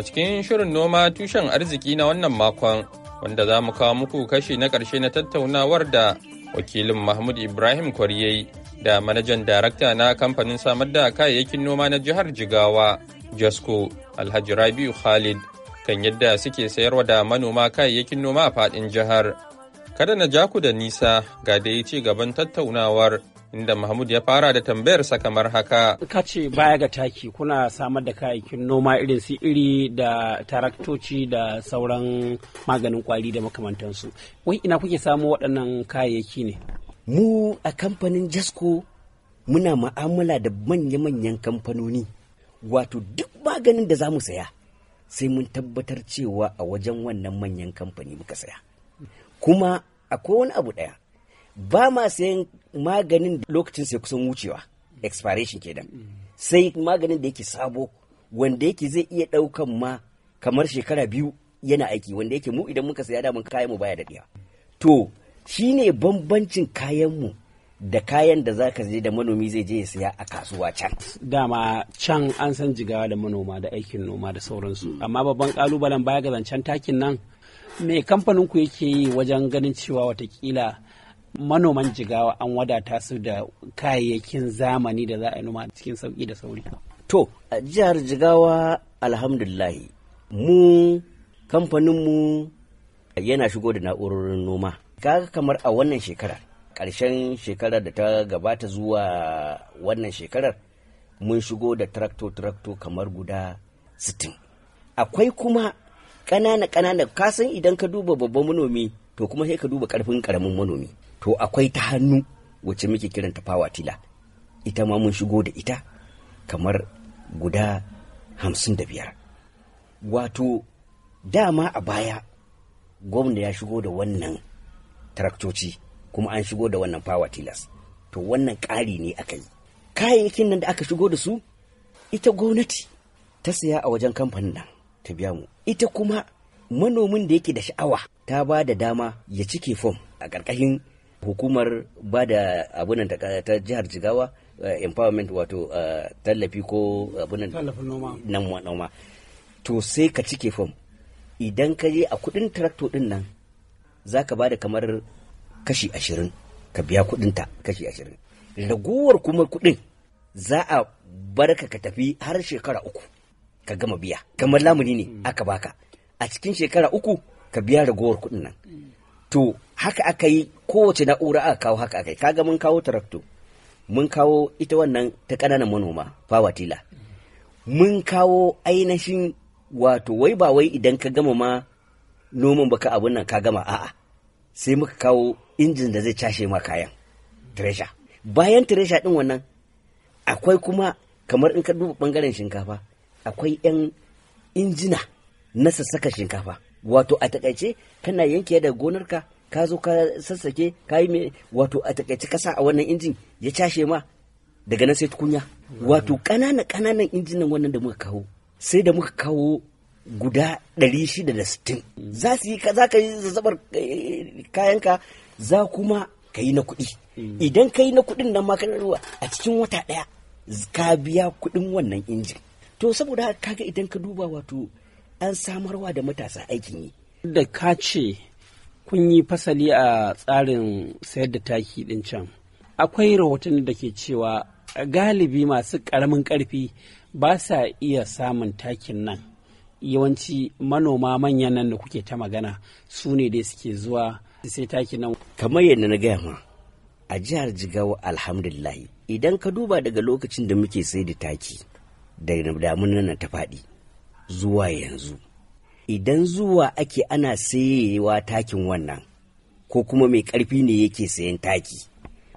a cikin shirin noma tushen arziki na wannan makon wanda za mu kawo muku kashi na ƙarshe na tattaunawar da wakilin mahmud ibrahim kwarye da manajan darakta na kamfanin samar da kayayyakin noma na jihar jigawa jasko alhaji rabiu khalid kan yadda suke sayarwa da manoma kayayyakin noma a faɗin jihar kada na ja ku da nisa ga dai ci gaban tattaunawar inda Mahmud ya fara da tambayarsa kamar haka. Ka baya ga taki kuna samar da kayayyakin noma irin su iri da taraktoci da sauran maganin kwari da makamantansu. Wai ina kuke samu waɗannan kayayyaki ne? Mu a kamfanin Jasko muna ma'amala da manya-manyan kamfanoni. Wato duk maganin da za mu saya sai mun tabbatar cewa a wajen wannan manyan kamfani muka saya. Kuma akwai wani abu ɗaya. ba ma sayan maganin lokacin sai kusan wucewa expiration kenan sai maganin da yake sabo wanda yake zai iya ɗaukan ma kamar shekara biyu yana aiki wanda yake mu idan muka saya daman kayan mu baya da daya to shi ne bambancin kayan mu da kayan da zaka je da manomi zai je ya saya a kasuwa can. Dama can an san jigawa da manoma da aikin noma da sauransu. Amma babban kalubalen baya ga zancen takin nan me kamfanin ku yake yi wajen ganin cewa watakila manoman jigawa an wadata su da kayayyakin zamani da za a noma cikin sauki da sauri to a jihar jigawa alhamdulillahi mu kamfaninmu yana shigo da na'urorin noma kaga kamar a wannan shekarar ƙarshen shekarar da ta gabata zuwa wannan shekarar mun shigo da trakto-trakto kamar guda 60 akwai kuma ƙanana-ƙanana kasan idan ka duba babban manomi to kuma sai ka duba ƙarfin ƙaramin manomi to akwai ta hannu wacce muke kiranta fawatila ita ma mun shigo da ita kamar guda hamsin da biyar wato dama a baya gwamna ya shigo da wannan taraktoci kuma an shigo da wannan fawatilas to wannan ƙari ne aka yi kayayyakin nan da aka shigo da su ita gwamnati ta siya a wajen kamfanin nan ta biya mu ita kuma manomin da yake da sha'awa ta ba da dama ya cike fom a ƙarƙashin hukumar ba da abunan ta, jihar jigawa uh, empowerment wato eh, tallafi ko abunan noma nan noma to sai ka cike fom idan ka je a kudin tarakto din nan za ka ba da kamar kashi ashirin ka biya kudinta kashi ashirin ragowar kuma kudin za a barka ka tafi har shekara uku ka gama biya kamar lamuni ne mm. aka baka a cikin shekara uku ka biya ragowar kudin nan mm. to haka aka yi kowace na'ura aka kawo haka aka yi kaga mun kawo tarakto mun kawo ita wannan ta kananan manoma fawatila mun kawo ainihin wato wai ba wai idan ka gama ma noman baka abun nan ka gama a'a sai muka kawo injin da zai cashe ma kayan tresha bayan tresha din wannan akwai kuma kamar in ka duba bangaren shinkafa akwai yan injina na sassaka shinkafa wato a takaice kana yanke da gonarka ka zo ka sassake ka yi mai wato a takaice kasa a wannan injin ya cashe ma daga nan sai tukunya wato ƙananan ƙananan injinan wannan da muka kawo sai da muka kawo guda 660 za su yi za ka yi zazzabar eh, kayanka za kuma ka yi na kuɗi mm. idan ka yi na kuɗin nan ma ruwa a cikin wata ɗaya ka biya kuɗin wannan injin to saboda kaga idan ka duba wato an samarwa da matasa aikin yi da ka ce kun yi fasali a tsarin sayar da taki ɗin can akwai rahoton da ke cewa galibi masu ƙaramin ƙarfi ba sa iya samun takin nan yawanci manoma manyan nan da kuke ta magana su ne dai suke zuwa sai takin nan kamar yadda na gaya ma a jihar jigawa alhamdulillahi idan ka duba daga lokacin da muke sai da taki da damunan na ta faɗi zuwa yanzu idan zuwa ake ana sayewa takin wannan ko kuma mai ƙarfi ne yake sayan taki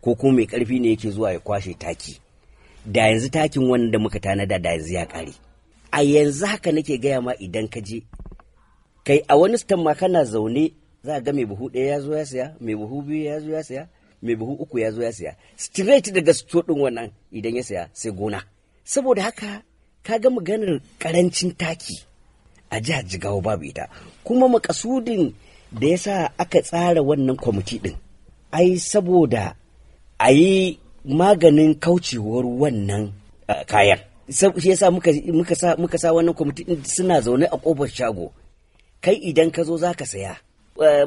ko kuma mai ƙarfi ne yake zuwa ya kwashe taki da yanzu takin wannan da muka tanada da yanzu ya ƙare a yanzu haka nake gaya ma idan ka je kai a wani stan ma kana zaune za ga mai buhu ɗaya ya zo ya saya, mai buhu biyu ya zo ya saya, mai buhu uku ya zo ya saya. straight daga sto ɗin wannan idan ya saya sai gona saboda haka ka ga maganar ƙarancin taki a jihar jigawa babu ita kuma makasudin da ya sa aka tsara wannan kwamiti ɗin ai saboda a yi maganin kaucewar wannan kayan shi yasa sa muka sa wannan kwamiti din suna zaune a kofar shago kai idan ka zo za ka saya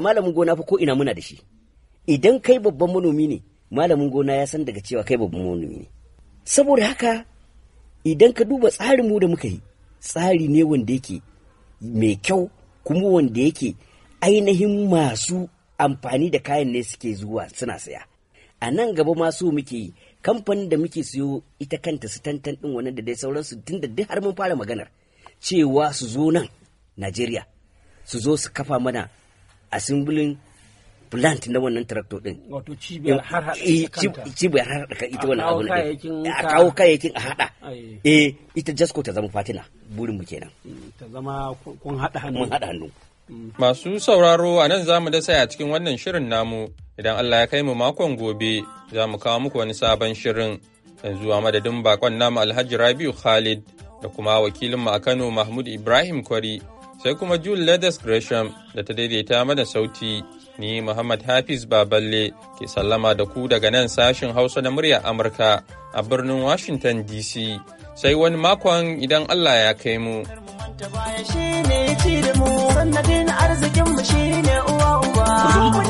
malamin gona fa ko ina muna da shi idan kai babban manomi ne malamin gona ya san daga cewa kai babban manomi ne saboda haka idan ka duba tsarin mu da muka yi tsari ne wanda yake mai kyau kuma wanda yake ainihin masu amfani da kayan ne suke zuwa suna saya a nan gaba ma so muke yi kamfanin da muke siyo ita kanta su tantan din wannan da dai sauransu tun da dai har mun fara maganar cewa su zo nan Najeriya su zo su kafa mana asimbulin plant na wannan tractor din wato cibiyar har hada eh, cibiyar har hada ita wannan abu ne a kawo kayayyakin a hada eh ita jasko ta zama fatina burin mu kenan eh, ta zama kun hada hannu mun hada hannu mm. Masu sauraro a nan za mu da saya cikin wannan shirin namu idan Allah ya kai mu makon gobe za mu kawo muku wani sabon shirin yanzu a madadin bakon namu Alhaji Rabiu Khalid da kuma wakilinmu a Kano Mahmud Ibrahim Kwari sai kuma Jule Ledes Gresham da ta daidaita mana sauti. Ni Muhammad Hafiz Baballe ke sallama da ku daga nan sashin Hausa na murya Amurka a birnin Washington DC. Sai wani makon idan Allah ya kai mu. arzikin